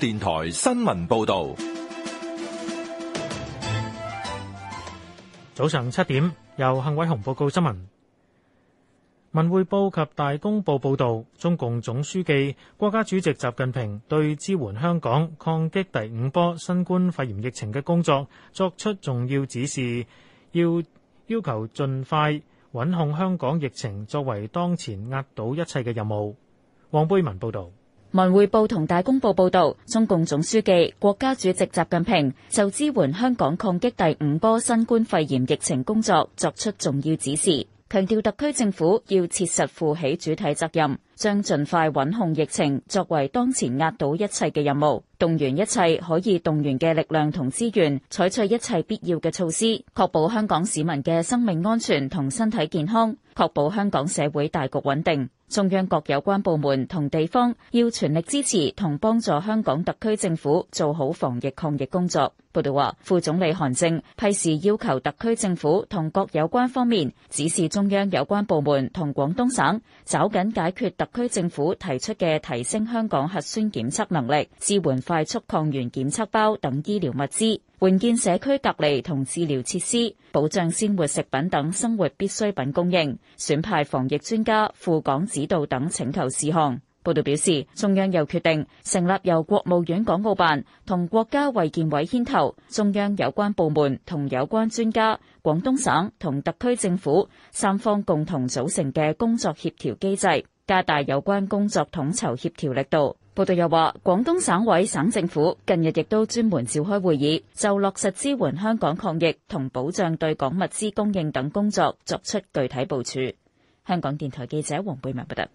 電台新聞報道，早上七點由幸偉雄報告新聞。文匯報及大公報報道，中共總書記、國家主席習近平對支援香港抗擊第五波新冠肺炎疫情嘅工作作出重要指示，要要求盡快穩控香港疫情，作為當前壓倒一切嘅任務。黃貝文報道。《文匯報》同《大公報》報道，中共總書記、國家主席習近平就支援香港抗擊第五波新冠肺炎疫情工作作出重要指示，強調特區政府要切實負起主體責任。將盡快穩控疫情作為當前壓倒一切嘅任務，動員一切可以動員嘅力量同資源，採取一切必要嘅措施，確保香港市民嘅生命安全同身體健康，確保香港社會大局穩定。中央各有關部門同地方要全力支持同幫助香港特區政府做好防疫抗疫工作。報道話，副總理韓正批示要求特區政府同各有關方面指示中央有關部門同廣東省，抓緊解決特。區政府提出嘅提升香港核酸檢測能力、支援快速抗原檢測包等醫療物資、援建社區隔離同治療設施、保障鮮活食品等生活必需品供應、選派防疫專家赴港指導等請求事項。報道表示，中央又決定成立由國務院港澳辦同國家衛健委牽頭，中央有關部門同有關專家、廣東省同特區政府三方共同組成嘅工作協調機制。加大有關工作統籌協調力度。報道又話，廣東省委省政府近日亦都專門召開會議，就落實支援香港抗疫同保障對港物資供應等工作作出具體部署。香港電台記者黃貝文報道。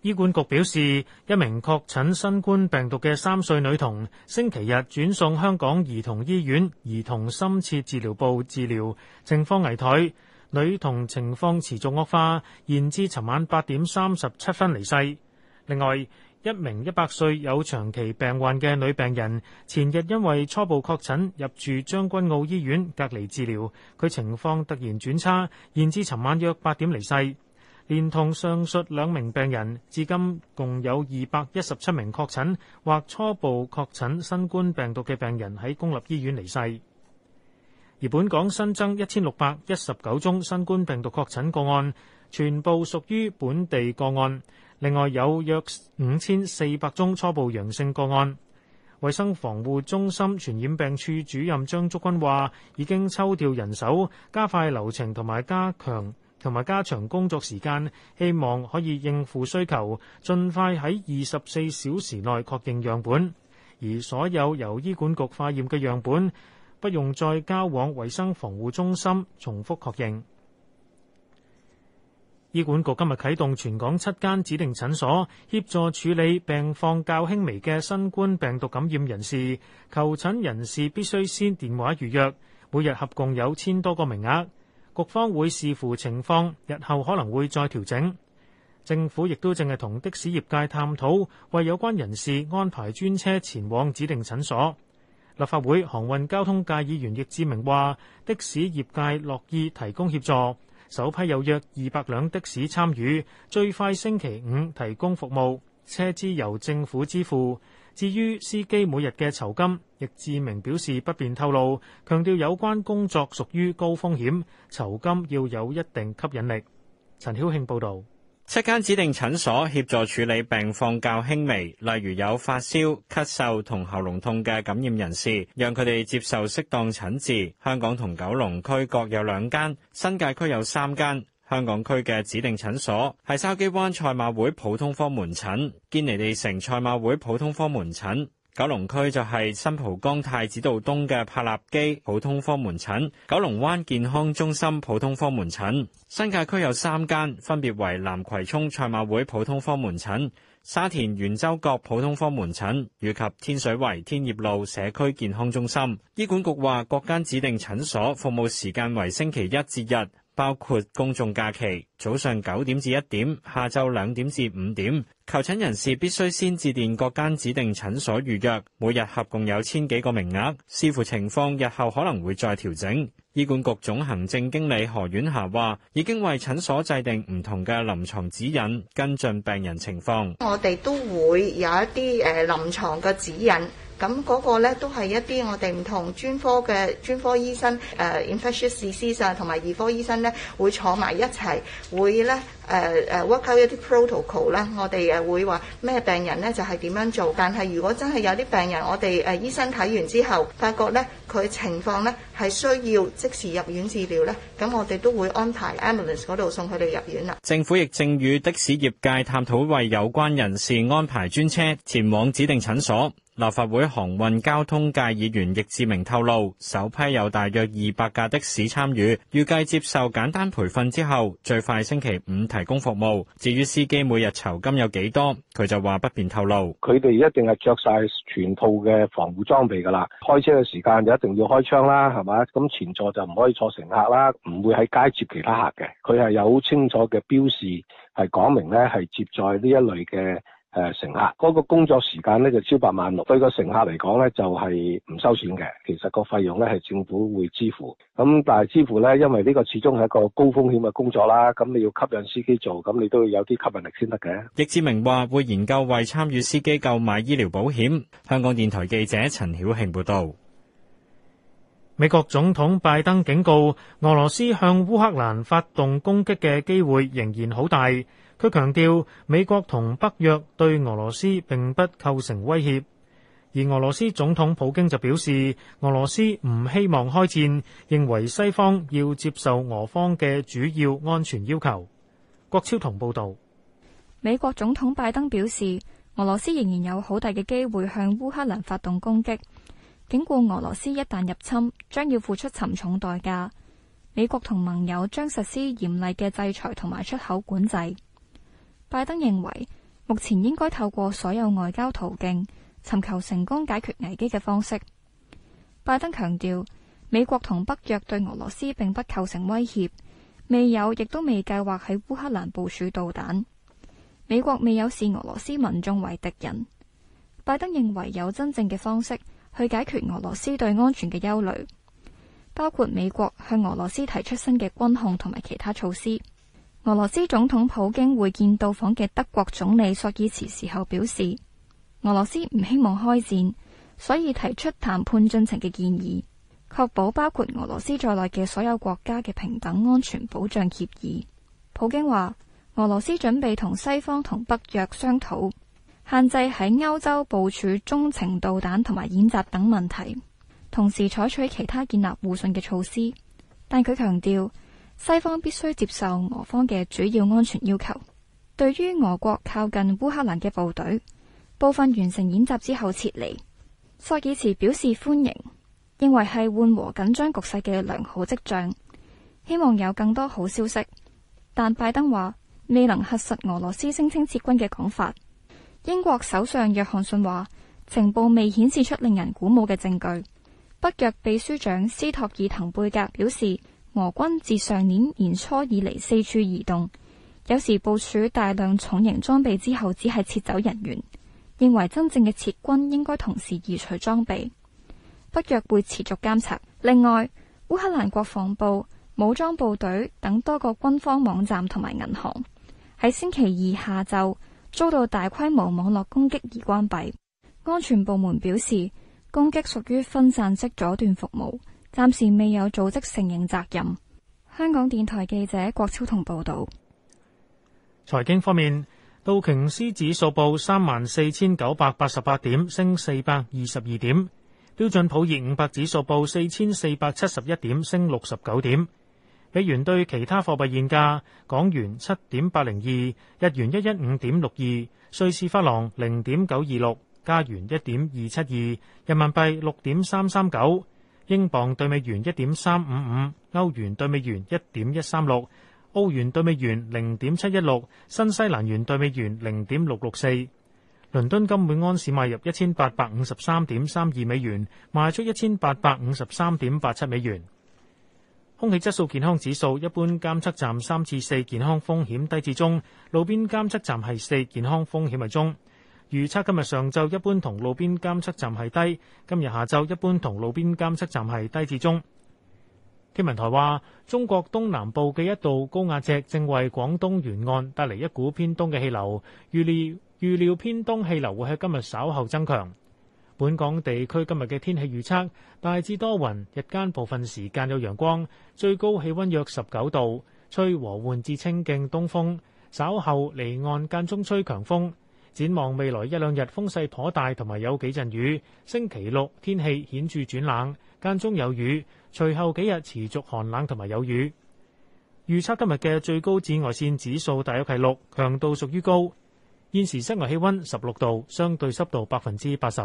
醫管局表示，一名確診新冠病毒嘅三歲女童，星期日轉送香港兒童醫院兒童深切治療部治療，情況危殆。女童情況持續惡化，延至尋晚八點三十七分離世。另外一名一百歲有長期病患嘅女病人，前日因為初步確診入住將軍澳醫院隔離治療，佢情況突然轉差，延至尋晚約八點離世。連同上述兩名病人，至今共有二百一十七名確診或初步確診新冠病毒嘅病人喺公立醫院離世。而本港新增一千六百一十九宗新冠病毒確診個案，全部屬於本地個案。另外有約五千四百宗初步陽性個案。衛生防護中心傳染病處主任張竹君話，已經抽調人手，加快流程同埋加強同埋加長工作時間，希望可以應付需求，盡快喺二十四小時內確認樣本。而所有由醫管局化驗嘅樣本。不用再交往衛生防護中心重複確認。醫管局今日啟動全港七間指定診所，協助處理病況較輕微嘅新冠病毒感染人士。求診人士必須先電話預約，每日合共有千多個名額，局方會視乎情況日後可能會再調整。政府亦都正係同的士業界探討，為有關人士安排專車前往指定診所。立法會航運交通界議員易志明話：的士業界樂意提供協助，首批有約二百輛的士參與，最快星期五提供服務，車資由政府支付。至於司機每日嘅酬金，易志明表示不便透露，強調有關工作屬於高風險，酬金要有一定吸引力。陳曉慶報導。七間指定診所協助處理病況較輕微，例如有發燒、咳嗽同喉嚨痛嘅感染人士，讓佢哋接受適當診治。香港同九龍區各有兩間，新界區有三間。香港區嘅指定診所係筲箕灣賽馬會普通科門診、堅尼地城賽馬會普通科門診。九龍區就係新蒲崗太子道東嘅柏立基普通科門診，九龍灣健康中心普通科門診。新界區有三間，分別為南葵涌賽馬會普通科門診、沙田圓洲角普通科門診，以及天水圍天業路社區健康中心。醫管局話，各間指定診所服務時間為星期一至日。包括公眾假期，早上九點至一點，下晝兩點至五點。求診人士必須先致電各間指定診所預約，每日合共有千幾個名額，視乎情況，日後可能會再調整。醫管局總行政經理何婉霞話，已經為診所制定唔同嘅臨床指引，跟進病人情況。我哋都會有一啲誒臨床嘅指引。咁嗰個咧都係一啲我哋唔同專科嘅專科醫生，誒、呃、infectious diseases 同埋兒科醫生咧，會坐埋一齊，會咧誒誒 work out 一啲 protocol 啦。我哋誒會話咩病人咧就係、是、點樣做，但係如果真係有啲病人，我哋誒醫生睇完之後，發覺咧佢情況咧係需要即時入院治療咧，咁我哋都會安排 ambulance 嗰度送佢哋入院啦。政府亦正與的士業界探討為有關人士安排專車前往指定診所。立法會航運交通界議員易志明透露，首批有大約二百架的士參與，預計接受簡單培訓之後，最快星期五提供服務。至於司機每日酬金有幾多，佢就話不便透露。佢哋一定係着晒全套嘅防護裝備噶啦，開車嘅時間就一定要開窗啦，係嘛？咁前座就唔可以坐乘客啦，唔會喺街接其他客嘅。佢係有好清楚嘅標示，係講明咧係接載呢一類嘅。誒、呃，乘客嗰、那個工作時間呢，就超八萬六，對個乘客嚟講呢，就係、是、唔收錢嘅。其實個費用呢，係政府會支付。咁、嗯、但係支付呢，因為呢個始終係一個高風險嘅工作啦，咁、嗯、你要吸引司機做，咁、嗯、你都要有啲吸引力先得嘅。易志明話會研究為參與司機購買醫療保險。香港電台記者陳曉慶報道。美國總統拜登警告，俄羅斯向烏克蘭發動攻擊嘅機會仍然好大。佢強調，美國同北約對俄羅斯並不構成威脅，而俄羅斯總統普京就表示，俄羅斯唔希望開戰，認為西方要接受俄方嘅主要安全要求。郭超同報導，美國總統拜登表示，俄羅斯仍然有好大嘅機會向烏克蘭發動攻擊，警告俄羅斯一旦入侵，將要付出沉重代價。美國同盟友將實施嚴厲嘅制裁同埋出口管制。拜登認為，目前應該透過所有外交途徑尋求成功解決危機嘅方式。拜登強調，美國同北約對俄羅斯並不構成威脅，未有亦都未計劃喺烏克蘭部署導彈。美國未有視俄羅斯民眾為敵人。拜登認為，有真正嘅方式去解決俄羅斯對安全嘅憂慮，包括美國向俄羅斯提出新嘅軍控同埋其他措施。俄羅斯總統普京會見到訪嘅德國總理朔爾茨時候表示，俄羅斯唔希望開戰，所以提出談判進程嘅建議，確保包括俄羅斯在內嘅所有國家嘅平等安全保障協議。普京話，俄羅斯準備同西方同北約商討，限制喺歐洲部署中程導彈同埋演習等問題，同時採取其他建立互信嘅措施。但佢強調，西方必須接受俄方嘅主要安全要求。對於俄國靠近烏克蘭嘅部隊，部分完成演習之後撤離，塞爾茨表示歡迎，認為係緩和緊張局勢嘅良好跡象。希望有更多好消息。但拜登話未能核實俄羅斯聲稱撤軍嘅講法。英國首相約翰遜話，情報未顯示出令人鼓舞嘅證據。北約秘書長斯托爾滕貝格表示。俄軍自上年年初以嚟四處移動，有時部署大量重型裝備之後，只係撤走人員。認為真正嘅撤軍應該同時移除裝備。北約會持續監察。另外，烏克蘭國防部、武裝部隊等多個軍方網站同埋銀行喺星期二下晝遭到大規模網絡攻擊而關閉。安全部門表示，攻擊屬於分散式阻斷服務。暫時未有組織承認責任。香港電台記者郭超同報道。財經方面，道瓊斯指數報三萬四千九百八十八點，升四百二十二點；標準普爾五百指數報四千四百七十一點，升六十九點。美元對其他貨幣現價：港元七點八零二，日元一一五點六二，瑞士法郎零點九二六，加元一點二七二，人民幣六點三三九。英鎊兌美元一點三五五，歐元兌美元一點一三六，澳元兌美元零點七一六，新西蘭元兌美元零點六六四。倫敦金每安士買入一千八百五十三點三二美元，賣出一千八百五十三點八七美元。空氣質素健康指數，一般監測站三至四，健康風險低至中；路邊監測站係四，健康風險係中。預測今日上晝一般同路邊監測站係低，今日下晝一般同路邊監測站係低至中。天文台話，中國東南部嘅一道高壓脊正為廣東沿岸帶嚟一股偏東嘅氣流，預料預料偏東氣流會喺今日稍後增強。本港地區今日嘅天氣預測大致多雲，日間部分時間有陽光，最高氣温約十九度，吹和緩至清勁東風，稍後離岸間中吹強風。展望未來一兩日風勢頗大，同埋有幾陣雨。星期六天氣顯著轉冷，間中有雨。隨後幾日持續寒冷同埋有雨。預測今日嘅最高紫外線指數大約係六，強度屬於高。現時室外氣温十六度，相對濕度百分之八十。